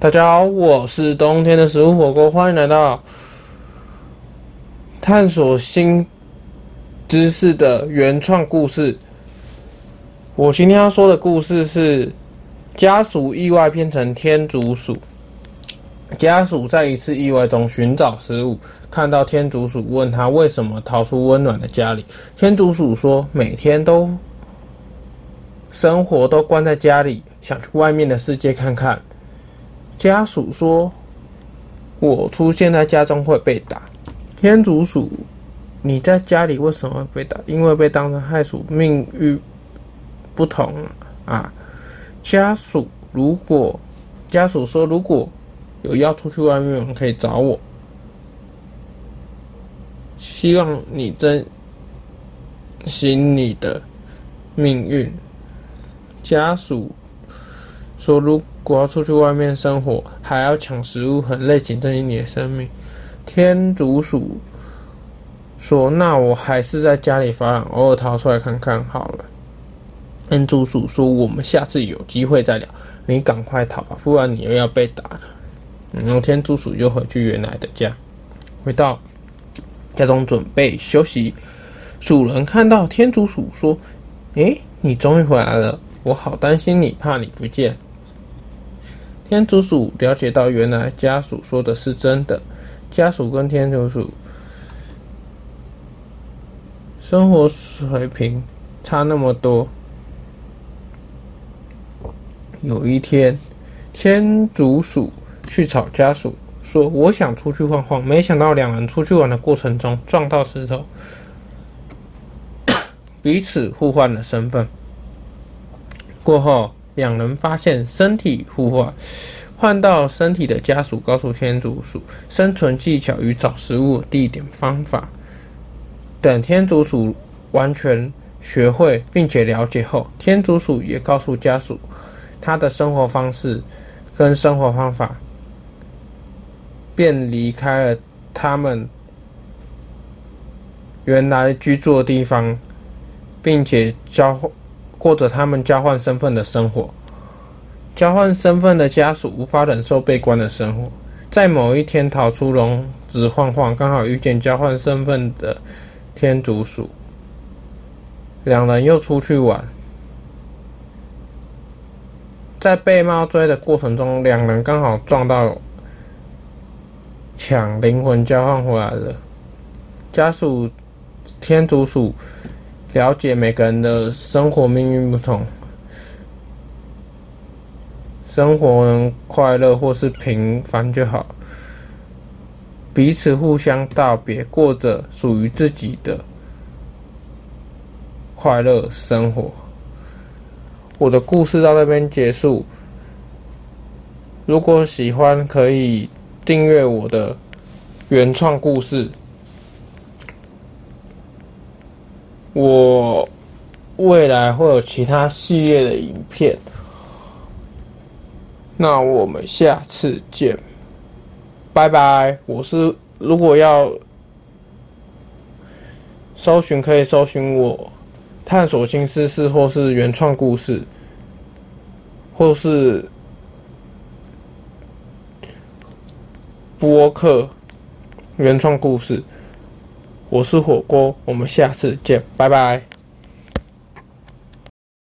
大家好，我是冬天的食物火鍋，歡迎來到探索新知識的原創故事。我今天要說的故事是：家鼠意外變成天竺鼠。家鼠在一次意外中尋找食物，看到天竺鼠，問他為什麼逃出溫暖的家裡。天竺鼠說：“每天都生活都關在家裡，想去外面的世界看看。”家鼠說：“我出現在家中會被打。”天竺鼠，你在家裡為什麼會被打？因為被當成害鼠，命運不同啊。啊家鼠如果家鼠說，如果有要出去外面，我們可以找我。希望你珍惜你的命運。家鼠說：“如。”我要出去外面生活，還要搶食物，很累，請珍惜你的生命。天竺鼠說：“那我還是在家裡發懶，偶爾逃出來看看好了。”天竺鼠說：“我們下次有機會再聊，你趕快逃吧，不然你又要被打了。”嗯，然後天竺鼠就回去原來的家，回到家中準備休息。主人看到天竺鼠說：“誒、欸，你終於回來了，我好擔心你，怕你不見。”天竺鼠了解到，原來家鼠說的是真的。家鼠跟天竺鼠生活水平差那麼多。有一天，天竺鼠去找家鼠，說：“我想出去晃晃。”沒想到兩人出去玩的過程中撞到石頭，彼此互換了身份。過後。兩人發現身體互換，換到身體的家鼠告訴天竺鼠生存技巧與找食物地點方法。等天竺鼠完全學會並且了解後，天竺鼠也告訴家鼠他的生活方式跟生活方法，便離開了他們原來居住的地方，並且交換。過着他們交換身份的生活，交換身份的家鼠無法忍受被關的生活，在某一天逃出籠子晃晃，剛好遇見交換身份的天竺鼠，兩人又出去玩，在被貓追的過程中，兩人剛好撞到搶靈魂交換回來了。家鼠天竺鼠。了解每個人的生活命運不同，生活能快樂或是平凡就好，彼此互相道別，過着屬於自己的快樂生活。我的故事到這邊結束，如果喜歡可以訂閱我的原創故事。我未來會有其他系列的影片，那我們下次見，拜拜。我是如果要搜尋，可以搜尋我探索新知識，或是原創故事，或是播客原創故事。我是火鍋，我們下次見，拜拜。